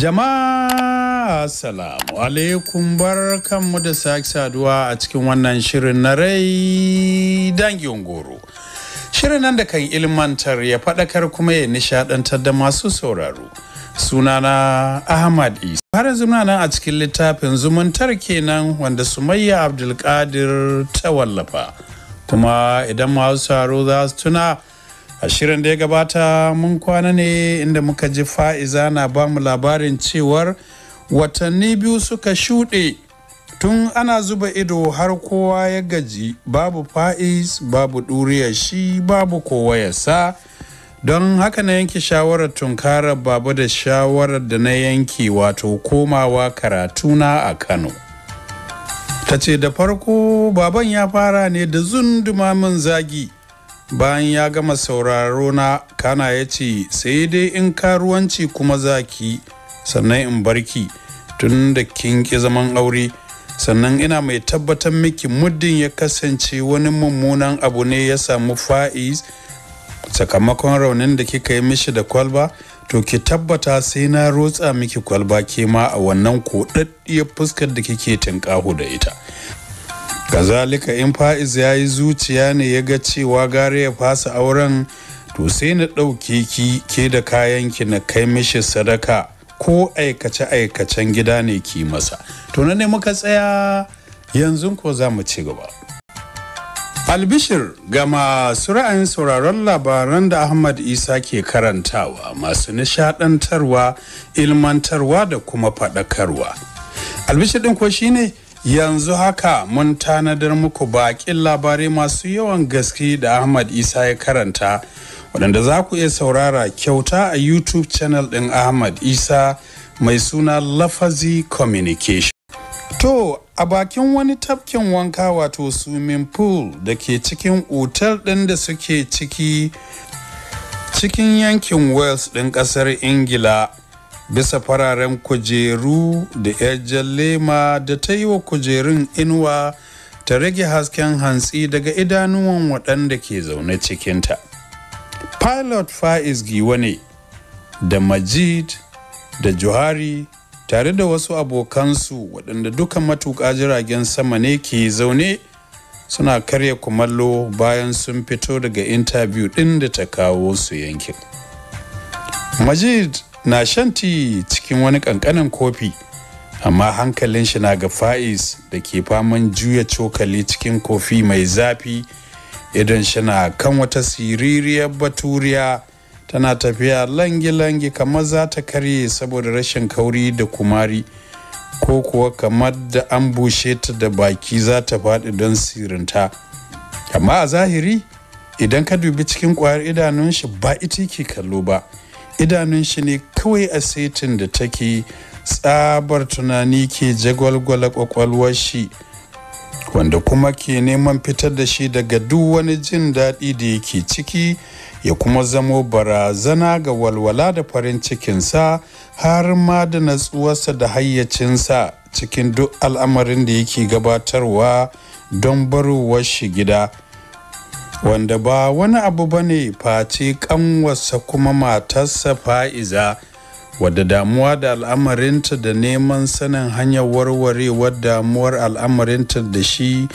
Jama'a Assalamu alaikum bar kanmu da sake saduwa a cikin wannan shirin na rai dangin goro. Shirin nan da kan ilmantar ya faɗakar kuma ya nishaɗantar da masu sauraro. Sunana Ahmad Isa. Har zuna nan a cikin littafin zumuntar kenan wanda Sumayya Abdulkadir ta wallafa. Kuma idan masu sauraro za su tuna a shirin da ya gabata mun kwana ne inda muka ji fa'iza na ba mu labarin cewar watanni biyu suka shuɗe tun ana zuba ido har kowa ya gaji babu fa'iz babu ɗuriya shi babu kowa ya sa don haka na yanke shawarar tunkarar babu da shawarar da na yanke wato komawa karatuna a kano ta ce da farko baban ya fara ne da zundumamin zagi bayan ya gama sauraro na kana ya ce sai dai in karuwanci kuma zaki sannan in barki tun da kin ki zaman aure sannan ina mai tabbatar miki muddin ya kasance wani mummunan abu ne ya samu fa'iz sakamakon raunin da kika yi mishi da kwalba to ki tabbata sai na rotsa miki kwalba ke ma a wannan koɗaɗɗiyar fuskar da kike tinkaho da ita kazalika in fa'iz ya yi zuciya ne ya ga cewa gare ya fasa auren to sai na ɗauke ki ke da kayan ki na kai mishi sadaka ko aikace-aikacen gida ne ki masa to na ne muka tsaya yanzu ko za mu ci gaba albishir ga masu ra'ayin sauraron labaran da ahmad isa ke karantawa masu nishadantarwa ilmantarwa da kuma faɗakarwa albishir ɗin ko shine ne yanzu haka mun tanadar muku bakin labarai masu yawan gaske da ahmad isa ya karanta waɗanda za ku iya saurara kyauta a youtube channel ɗin ahmad isa mai suna lafazi communication to a bakin wani tafkin wanka wato swimming pool da ke cikin otal ɗin da suke ciki cikin yankin wales ɗin ƙasar ingila bisa fararen kujeru da yar jallema da ta yi wa kujerun inuwa ta rage hasken hantsi daga idanuwan waɗanda ke zaune cikinta pilot faiz giwa ne da majid da juhari tare da wasu abokansu waɗanda duka matuƙa jiragen sama ne ke zaune suna karya kumallo bayan sun fito daga intabiyu ɗin da ta kawo su yankin majid na shan cikin wani kankanin kofi amma hankalin shi na ga fa'is da ke faman juya cokali cikin kofi mai zafi idan shi na kan wata siririyar baturiya tana tafiya langi-langi kamar za ta karye saboda rashin kauri da kumari ko kuwa kamar da an bushe ta da baki za ta faɗi don sirinta amma a zahiri idan ka dubi cikin kwayar idanun shi ba ita ke kallo ba idanun shi ne kawai a setin da take tsabar tunani ke jagwalgwala kwakwalwar shi wanda kuma ke neman fitar da shi daga duk wani jin daɗi da yake ciki ya kuma zamo barazana ga walwala da farin cikinsa har ma da natsuwarsa da hayyacinsa cikin duk al'amarin da yake gabatarwa don barowar shi gida. wanda ba wani abu ba ne face kanwarsa kuma matarsa fa'iza wadda damuwa da al'amarinta da neman sanin hanyar warwarewar damuwar al'amarinta da shi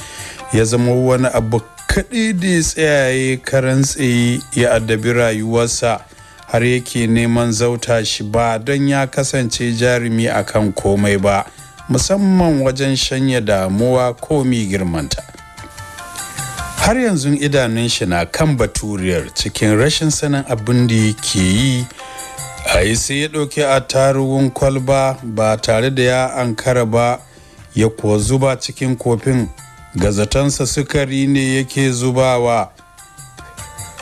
ya zama wani abu kaɗi da ya tsayaye karan tsaye ya addabi rayuwarsa har yake neman zauta shi ba don ya kasance jarumi akan komai ba musamman wajen shanya damuwa komi girmanta. har yanzu idanun shi na kan baturiyar cikin rashin sanin abin da ke yi a yi sai ya ɗauki a tarugun kwalba ba tare da ya ankara ba ya kuwa zuba cikin kofin gazatansa sukari ne yake zubawa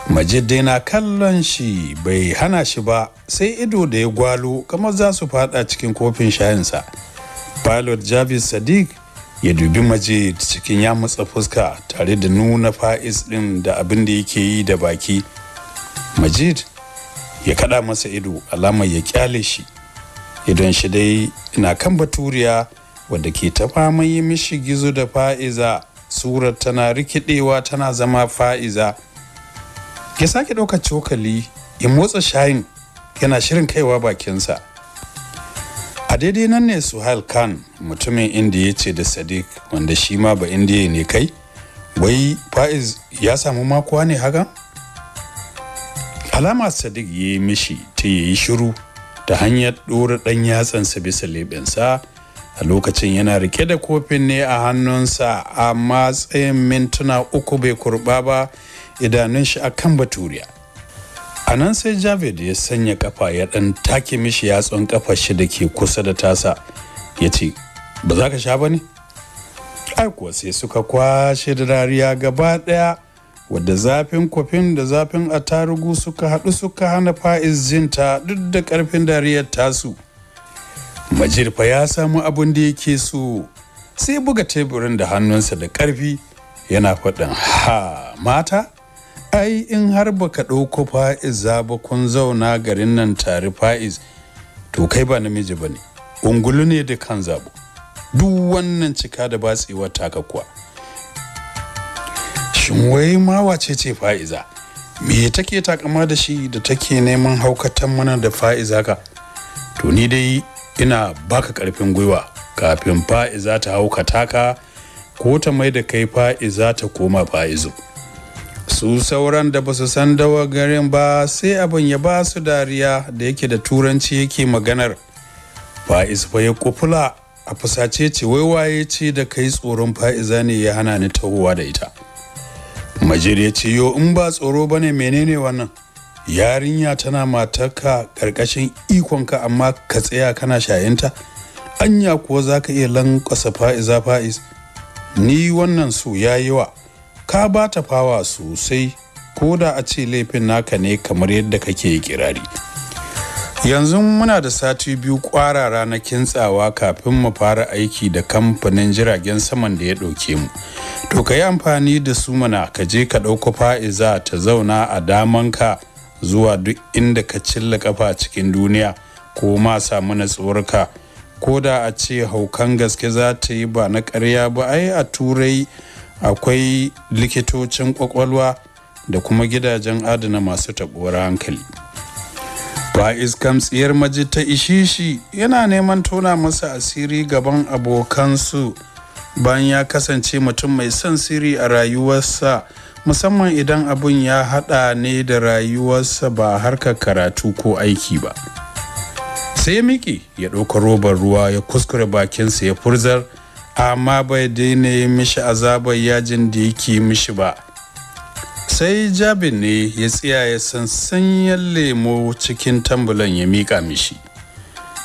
majidai na kallon shi bai hana shi ba sai ido da ya gwalo kamar za su fada cikin kofin shayinsa pilot javis sadiq ya dubi majid cikin ya matsa fuska tare da nuna fa'is din da abin da yake yi da baki majid ya kada masa ido alamar ya kyale shi idan shi dai ina kan baturiya wadda ke ta faman yi mishi gizo da fa'iza surar tana rikidewa tana zama fa'iza ya sake ɗaukar cokali ya motsa shayin yana shirin kaiwa bakinsa a daidai nan ne suhail khan mutumin indiya ce da sadiq wanda shi ma ba indiya ne kai wai fa'iz ya samu makuwa ne haka alama sadiq ya yi mishi ta yi shiru ta hanyar ɗora ɗan yatsansa bisa leɓensa a lokacin yana rike da kofin ne a hannunsa a matsayin mintuna uku bai kurɓa ba idanun shi kan baturiya a nan sai javed ya sanya kafa ya dan take mishi yatsun ƙafa shi da ke kusa da tasa ya ce ba za ka sha ba ne ai kuwa sai suka kwashe da dariya gaba daya wadda zafin kwafin da zafin atarugu suka haɗu suka hana fa'iz jinta duk da ƙarfin dariyar tasu majirfa ya samu abin da yake so sai buga teburin da hannunsa da ƙarfi yana faɗin ha mata ai in har baka ɗauko fa'iza ba kun zauna garin nan tare fa'iz to kai ba namiji ba ne ungulu ne da kan zabo duk wannan cika da batsewa taka kuwa shin wai ma wace ce fa'iza me take takama da shi da take neman haukatan mana da fa'iza ka to ni dai ina baka karfin gwiwa kafin fa'iza ta haukata ka ko ta mai da kai fa'iza ta koma fa'izu su sauran da ba su san dawa garin ba sai abin ya ba su dariya da yake da turanci yake maganar fa'iz fa ya kufula a fusace ce waiwaye ce da kai tsoron fa'iza ne ya hana ni tahowa da ita majir ya ce yo in ba tsoro ba ne menene wannan yarinya tana matarka ƙarƙashin ikonka amma ka tsaya kana shayinta anya kuwa za ka iya lankwasa fa'iza fa'iz ni wannan su ya yi wa ka ba ta fawa sosai ko da a ce laifin naka ne kamar yadda kake kirari yanzu muna da sati biyu kwarara na kintsawa kafin mu fara aiki da kamfanin jiragen saman da ya ɗauke mu to ka yi amfani da su mana ka je ka ɗauko fa'iza ta zauna a damanka zuwa duk inda ka cilla kafa cikin duniya ko ma samu natsuwarka ko da a ce haukan gaske za ta yi ba na ƙarya ba ai a turai akwai likitocin kwakwalwa da kuma gidajen adana masu tabuwar hankali fa'iz tsiyar maji ta ishishi yana neman tona masa asiri gaban abokansu bayan ya kasance mutum mai son sirri a rayuwarsa musamman idan abun ya hada ne da rayuwarsa ba harkar karatu ko aiki ba sai ya miƙe ya ɗauka robar ruwa ya kuskure bakinsa ya furzar amma bai daina yi mishi azabar yajin da yake mishi ba sai jabin ne ya tsiyaye sansanyen lemo cikin tambulan ya mika mishi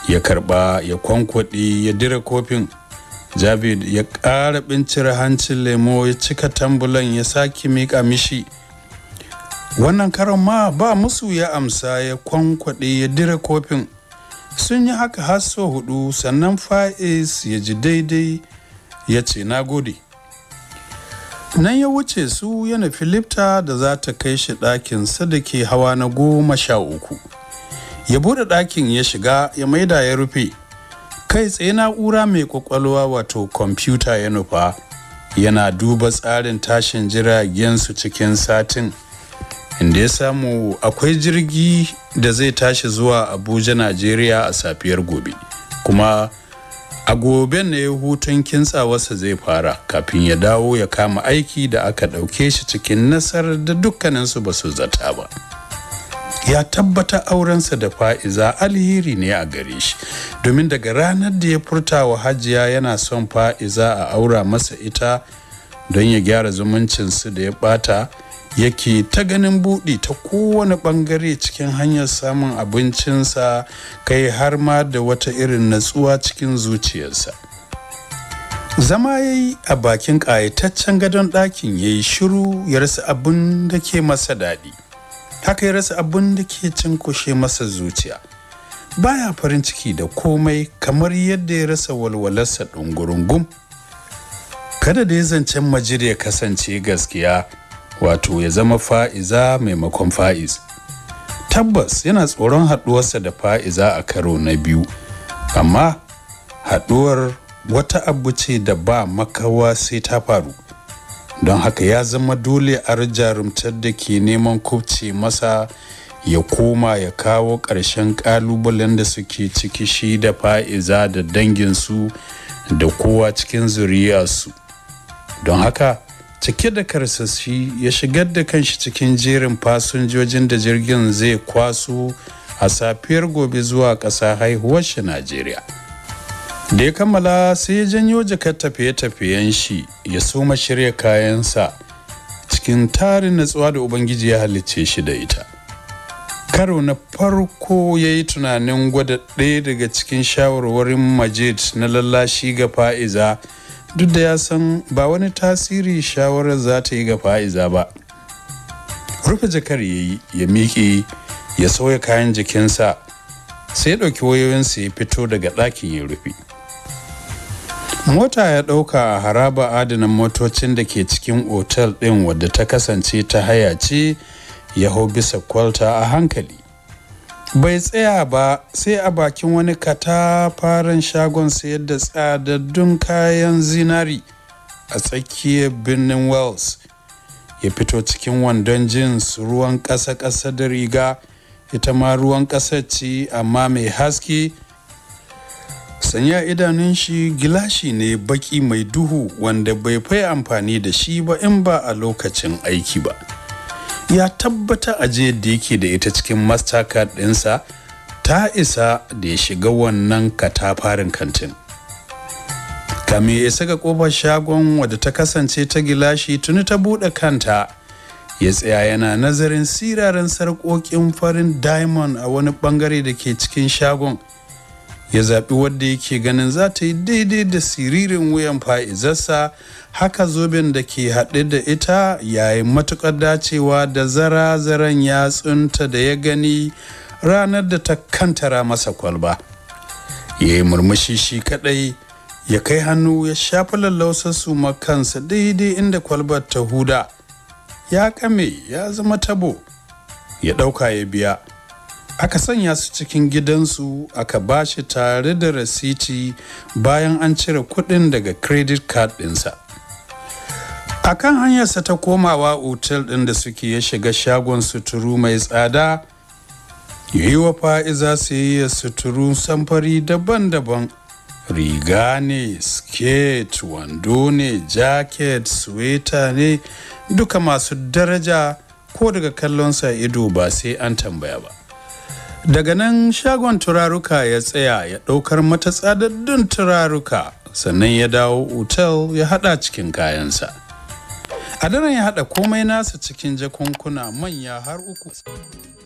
ya karba ya kwankwaɗi ya dira kofin jabin ya ƙara bincira hancin lemo ya cika tambulan ya sake miƙa mishi wannan karan ma ba musu ya amsa ya kwankwaɗe ya dira kofin sun yi haka har so hudu sannan fa'is ya ji daidai ya ce na gode nan ya wuce su yana filipta da za ta kai shi ɗakin da ke hawa na goma sha uku ya bude ɗakin ya shiga ya maida ya rufe kai tsaye na'ura mai kwakwalwa wato kwamfuta ya nufa yana duba tsarin tashin jiragen su cikin satin inda ya samu akwai jirgi da zai tashi zuwa abuja najeriya a safiyar gobe kuma a gobe ne hutun kintsawarsa zai fara kafin ya dawo ya kama aiki da aka ɗauke shi cikin nasarar da dukkaninsu ba su zata ba ya tabbata aurensa da fa'iza alheri ne a gare shi domin daga ranar da ya furta wa hajiya yana son fa'iza a aura masa ita don ya gyara zumuncinsu da ya bata yake ta ganin buɗe ta kowane ɓangare cikin hanyar samun abincinsa kai har ma da wata irin natsuwa cikin zuciyarsa zama ya yi a bakin ƙayataccen gadon ɗakin ya yi shiru ya rasa abin da ke masa daɗi haka ya rasa abin da ke cinkushe masa zuciya baya farin ciki da komai kamar yadda ya rasa walwalarsa ɗungurungun kada da ya zancen majid ya kasance gaskiya wato ya zama fa'iza maimakon fa'iz tabbas yana tsoron haɗuwarsa da fa'iza a karo na biyu amma haɗuwar wata abu ce da ba makawa sai ta faru don haka ya zama dole a jarumtar da ke neman kubce masa ya koma ya kawo ƙarshen ƙalubalen da suke ciki shi da fa'iza da danginsu da kowa cikin zuriyarsu don haka cike da karsashi ya shigar da kanshi cikin jerin fasinjojin da jirgin zai kwaso a safiyar gobe zuwa ƙasa haihuwar shi najeriya da ya kammala sai ya janyo jakar tafiye-tafiyen shi ya soma shirya kayansa cikin tarin natsuwa da ubangiji ya halicce shi da ita karo na farko ya yi tunanin gwada ɗaya daga cikin shawarwarin majid na lallashi ga fa'iza duk da ya san ba wani tasiri shawarar za ta yi ga fa'iza ba rufe jakar ya yi ya miƙe ya sauya kayan jikinsa sai ya ɗauki wayoyinsa ya fito daga ɗakin ya rufe mota ya ɗauka a haraba adana motocin da ke cikin otal ɗin wadda ta kasance ta hayace ce ya hau bisa kwalta a hankali bai tsaya ba sai a bakin wani katafaren shagon sayar da tsadaddun kayan zinari a tsakiyar birnin wells ya fito cikin wandon jeans ruwan ƙasa-ƙasa da riga ita ma ruwan ƙasa ce amma mai haske sanya idanun shi gilashi ne baki mai duhu wanda bai fai amfani da shi ba in ba a lokacin aiki ba. ya tabbata ajiyar da yake da ita cikin mastercard ɗinsa ta isa da ya shiga wannan katafarin kantin kamin ya isa ga kofar shagon wadda ta kasance ta gilashi tuni ta buɗe kanta ya tsaya yana nazarin siraran sarƙoƙin farin diamond a wani ɓangare da ke cikin shagon ya zaɓi wadda yake ganin za ta yi daidai da siririn wuyan fa'izarsa haka zoben da ke haɗe da ita yayin matuƙar dacewa da zara-zaren yatsunta da ya gani ranar da ta kantara masa kwalba ya yi murmushi shi kaɗai ya kai hannu ya shafi lallausarsu makansa daidai inda kwalbar ta huda ya ƙame ya zama tabo ya ɗauka ya biya aka sanya su cikin gidansu aka ba shi tare da rasiti bayan an cire kudin daga credit card dinsa a kan hanyarsa ta komawa otel ɗin da suke ya shiga shagon suturu mai tsada ya yi wa fa'iza sayayya suturu samfari daban-daban riga ne skate wando ne jacket sweta ne duka masu daraja ko daga kallonsa ido ba sai an tambaya ba daga nan shagon turaruka ya tsaya ya ɗaukar mata tsadaddun turaruka sannan ya dawo otal ya haɗa cikin kayansa a daren ya haɗa komai nasa cikin jakunkuna manya har uku